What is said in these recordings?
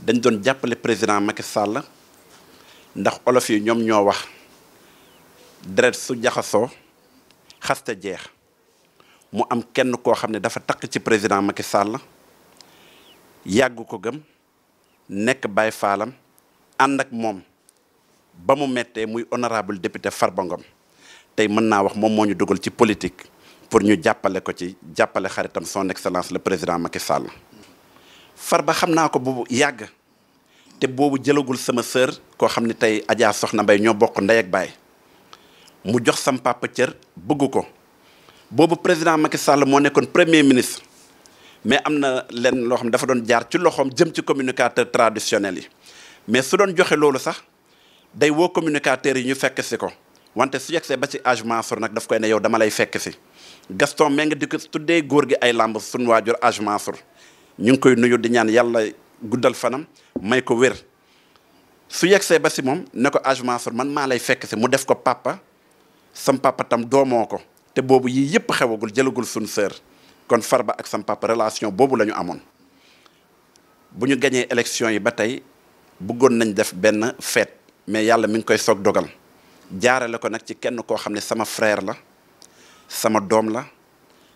dañ doon jàppale président Macky Sall ndax olof yi ñoom ñoo wax deret su jaxasoo xaste jeex mu am kenn koo xam ne dafa takk ci président Macky Sall yàgg ko gëm nekk Baye Fallam ànd ak moom ba mu mettee muy honorable député Farba Ngom tey mën naa wax moom moo ñu dugal ci politique pour ñu jàppale ko ci jàppale xaritam son excellence la président Macky Sall. far ba xam naa ko bu yàgg te boobu jëlagul sama sœur koo xam ne tey ajaa Soxna mbay ñoo bokk ndey ak baay mu jox sam papa cër bëgg ko boobu président Macky Sall moo nekkoon premier ministre mais am na lenn loo xam ne dafa doon jaar ci loxoom jëm ci communicateur traditionnel yi mais su doon joxe loolu sax day woo communicateurs yi ñu fekk si ko wante su yegsee ba ci âge Mansour nag daf koy ne yow dama lay fekk si Gaston Mbengue di ko tuddee góor gi ay lamb suñu waajur âge Mansour ñu ngi koy nuyu di ñaan yàlla guddal fanam may ko wér su yegsee ba si moom ne ko Hadj Mansour man maa lay fekk si mu def ko papa sam papa tam doomoo ko te boobu yii yëpp xewagul jëlagul sun sœur kon Farba ak sam papa relation boobu la ñu amoon bu ñu gañee élection yi ba tey buggoon nañ def benn fête mais yàlla mi ngi koy soog dogal jaarale ko nag ci kenn koo xam ne sama frère la sama doom la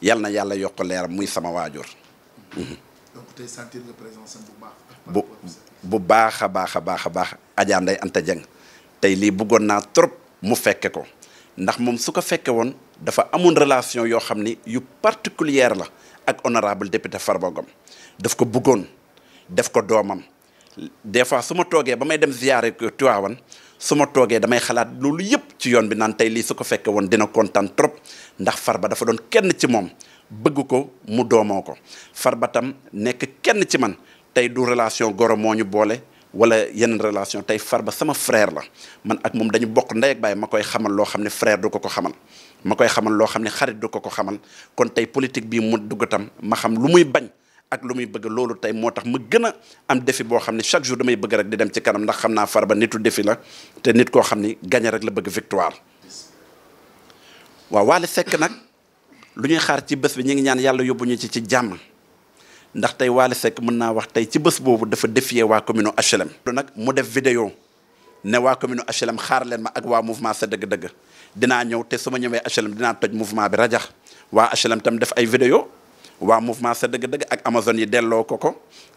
Yalna yalla yàlla yokk muy sama wajur mhm. donc sentir présence bu baax. bu bu baax a baax a baax Anta Dieng tey lii bëggoon naa trop mu fekke ko ndax moom su fekke woon dafa amoon relation yoo xam yu particulière la ak honorable député Farba daf ko def ko des fois dem ko damay ci yoon bi naan tey lii su ko fekkee woon dina kontaan trop ndax far ba dafa doon kenn ci moom bëgg ko mu doomoo ko far ba tam nekk kenn ci man tey du relation goro moo ñu boole wala yeneen relation tey far ba sama fraire la man ak moom dañu bokk ndey ak ma koy xamal loo xam ne frère du ko ko xamal ma koy xamal loo xam ne xarit du ko ko xamal kon tey politique bii mu dugg tam ma xam lu muy bañ ak lu muy bëgg loolu tey moo tax ma gën a am defi boo xam ne chaque jour damay bëgg rek di dem ci kanam ndax xam naa Farba nitu défi la te nit koo xam ni gagné rek la bëgg victoire waaw Wally sekk nag lu ñuy xaar ci bés bi ñu ngi ñaan yàlla yóbbu ñu ci ci jàmm ndax tey Wally sekk mën naa wax tey ci bés boobu dafa défier waa communo HLM. loolu nag mu def vidéo ne waa commune HLM xaar leen ma ak waa sa dëgg-dëgg dinaa ñëw te su ma ñëwee HLM dinaa toj mouvement bi rajax waa HLM tam def ay vidéo waa mouvement sa dëgg-dëgg ak Amazone yi delloo ko ko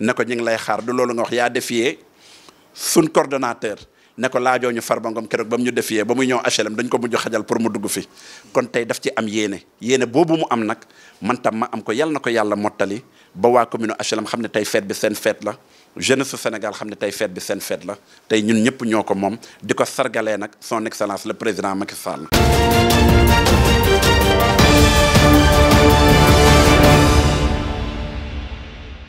ne ñu ngi lay xaar du loolu nga yaa défier suñ coordonnateur ne laajoo ñu Farba Ngom keroog ba mu ñu défier ba mu ñëw HLM dañ ko mujj xajal pour mu dugg fi kon tey daf ci am yéene yéene boobu mu am nag man tam ma am ko yàlla na ko yàlla mottali ba waa commune HLM xam ne tey fête bi seen fête la jeunesse su Sénégal xam ne tey fête bi seen feet la tey ñun ñëpp ñoo ko moom di ko sargalee nag son excellence le président Macky